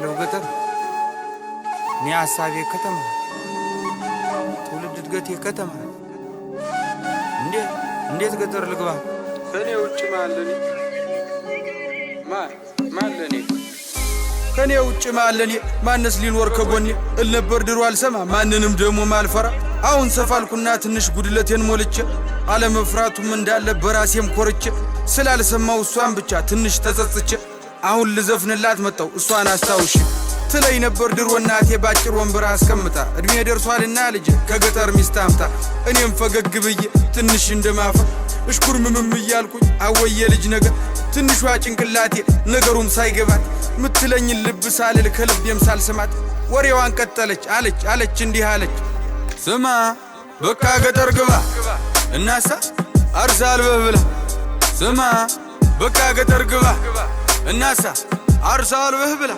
ለው ገጠር እኔ ሀሳቤ ከተማ ትውልድ የከተማ እንዴ እንዴት ገጠር ልግባ? ከኔ ውጭ ማለኔ ማለኔ ከኔ ውጭ ማለኔ ማነስ ሊኖር ከጎኔ እልነበር ድሮ አልሰማ ማንንም ደግሞ ማልፈራ አሁን ሰፋልኩና ትንሽ ጉድለቴን ሞልቼ አለመፍራቱም እንዳለ በራሴም ኮርቼ ስላልሰማው እሷን ብቻ ትንሽ ተጸጽቼ አሁን ልዘፍንላት መጣው እሷን አስታውሽ ትለይ ነበር ድሮ እናቴ ባጭር ወንበር አስቀምጣ እድሜ ደርሷልና ልጅ ከገጠር ሚስት አምጣ እኔም ፈገግ ብዬ ትንሽ እንደማፈ እሽኩር ምምም እያልኩኝ አወየ ልጅ ነገር ትንሿ ጭንቅላቴ ነገሩም ሳይገባት ምትለኝን ልብ ሳልል ከልቤም ሳልስማት ወሬዋን ቀጠለች አለች አለች እንዲህ አለች ስማ በቃ ገጠር ግባ እናሳ አርሳ አልበህ ብላ ስማ በቃ ገጠር ግባ እናሳ አርሳልብህ ብላ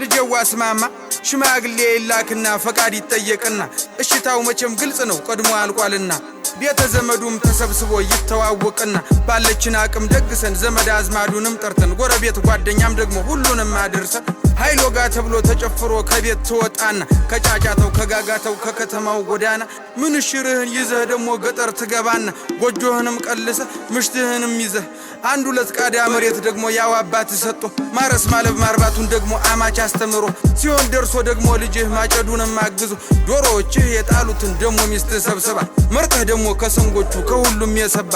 ልጀዋ ስማማ ሽማግሌ ይላክና ፈቃድ ይጠየቅና እሽታው መቼም ግልጽ ነው ቀድሞ አልቋልና ቤተ ዘመዱም ተሰብስቦ ይተዋወቅና ባለችን አቅም ደግሰን ዘመድ አዝማዱንም ጠርተን ጎረቤት ጓደኛም ደግሞ ሁሉንም አድርሰን ኃይሎ ጋ ተብሎ ተጨፍሮ ከቤት ትወጣና ከጫጫተው ከጋጋተው ከከተማው ጎዳና ምንሽርህን ይዘህ ደግሞ ገጠር ትገባና ጎጆህንም ቀልሰ ምሽትህንም ይዘህ አንድ ሁለት ቃዳ መሬት ደግሞ ያው አባት ሰጦ ማረስ ማለብ ማርባቱን ደግሞ አማች አስተምሮ ሲሆን ደርሶ ደግሞ ልጅህ ማጨዱንም አግዞ ዶሮዎችህ የጣሉትን ደግሞ ሚስትህ ሰብስባ መርጠህ ደግሞ ከሰንጎቹ ከሁሉም የሰባ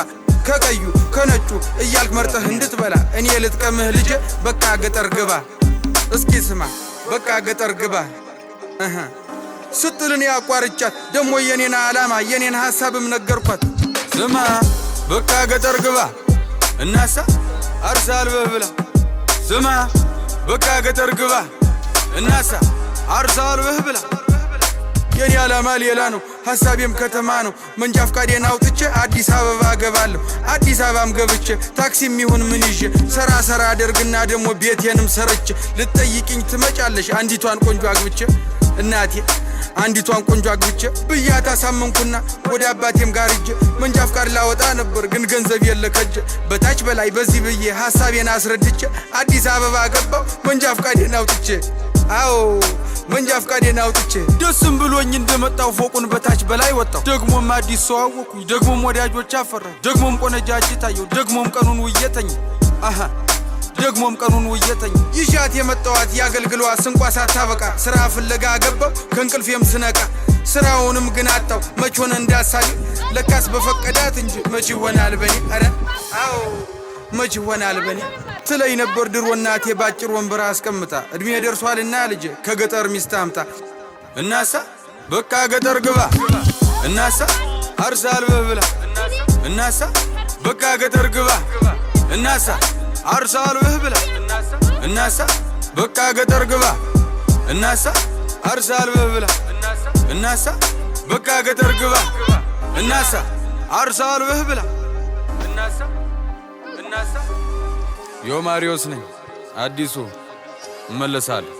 ከቀዩ ከነጩ እያልክ መርጠህ እንድትበላ እኔ ልጥቀምህ ልጄ፣ በቃ ገጠር ግባ። እስኪ ስማ በቃ ገጠር ግባ ስጥልን ያቋርጫት ደሞ የኔን ዓላማ የኔን ሐሳብም ነገርኳት። ስማ በቃ ገጠር ግባ እናሳ አርሳ አልበህ ብላ ስማ በቃ ገጠር ግባ እናሳ አርሳ አልበህ ብላ የኔ ዓላማ ሌላ ነው፣ ሀሳቤም ከተማ ነው። መንጃ ፍቃዴን አውጥቼ አዲስ አበባ ገባለሁ። አዲስ አበባም ገብቼ ታክሲ የሚሆን ምን ይዤ ሰራ ሰራ አደርግና ደግሞ ቤቴንም ሰርቼ ልትጠይቅኝ ትመጫለሽ አንዲቷን ቆንጆ አግብቼ እናቴ አንዲቷን ቆንጆ አግብቼ ብያ ታሳመንኩና ወደ አባቴም ጋር እጄ መንጃ ፍቃድ ላወጣ ነበር ግን ገንዘብ የለ በታች በላይ በዚህ ብዬ ሀሳቤን አስረድቼ አዲስ አበባ ገባው መንጃ ፍቃዴን አውጥቼ አዎ መንጃ ፍቃዴን አውጥቼ ደስም ብሎኝ እንደመጣው ፎቁን በታች በላይ ወጣው። ደግሞም አዲስ ሰው አወቁ ደግሞም ወዳጆች አፈራ ደግሞም ቆነጃጅ ታየው። ደግሞም ቀኑን ውየተኝ አሃ ደግሞም ቀኑን ውየተኝ ይሻት የመጣዋት የአገልግሏ ስንቋ ሳታበቃ ስራ ፍለጋ ገባው ከእንቅልፌም ስነቃ ስራውንም ግን አጣው መች ሆነ እንዳሳሌ ለካስ በፈቀዳት እንጂ መች ይሆናል በኔ ኧረ አዎ መች ይሆናል በኔ ትለኝ ነበር ድሮ እናቴ ባጭር ወንበር አስቀምጣ እድሜ ደርሷልና ልጅ ከገጠር ሚስት አምጣ። እናሳ በቃ ገጠር ግባ፣ እናሳ አርሳ አልበህ ብላ፣ እናሳ በቃ ገጠር ግባ፣ እናሳ አርሳ አልበህ ብላ፣ እናሳ በቃ ገጠር ግባ፣ እናሳ አርሳ አልበህ ብላ፣ እናሳ በቃ ገጠር ግባ፣ እናሳ አርሳ አልበህ ብላ፣ እናሳ እናሳ ዮማሪዮስ ነኝ። አዲሱ እመለሳለሁ።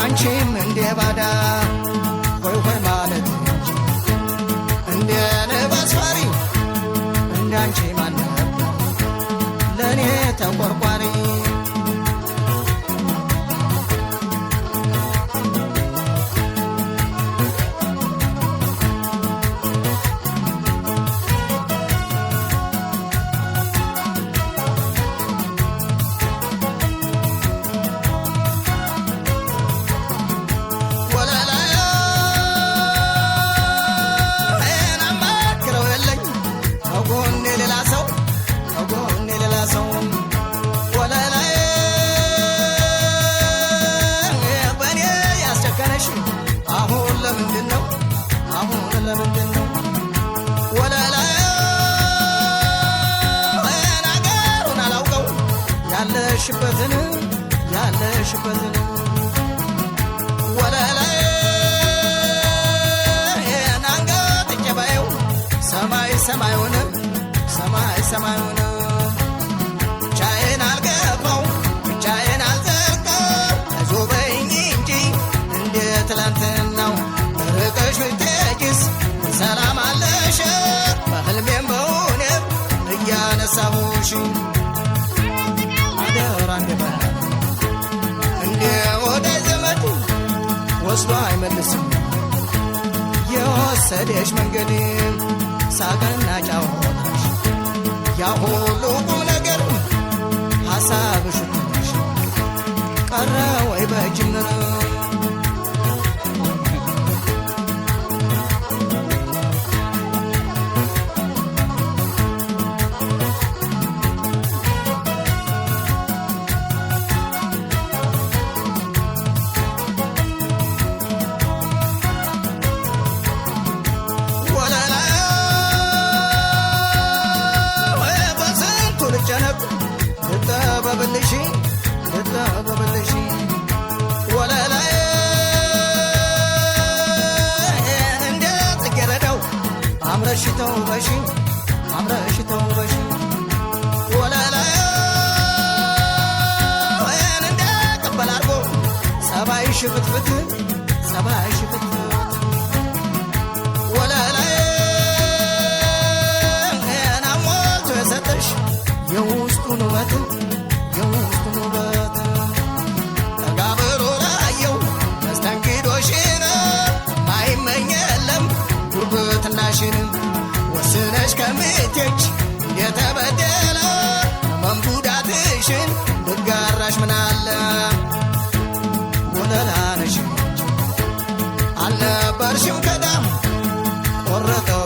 አንቺም ያለሽበትን ያለሽበትን ወለላ ናንገት ጨባዩ ሰማይ ሰማዩን ሰማይ ሰማዩን ብቻዬን አልገባው ርቀሽ ሰላም አለሽ በህልሜም ወስዶ አይመልስም የወሰደሽ መንገድ ሳቅና ጫወታሽ ያ ሁሉ ቁም ነገር ሐሳብሽ ቀረ ወይ በጅምር ልብሽንም ወስነሽ ከምትች የተበደለ አመን ብጋራሽ ምናለ ወለላነሽ አልነበርሽም ከዳም ቆረጠው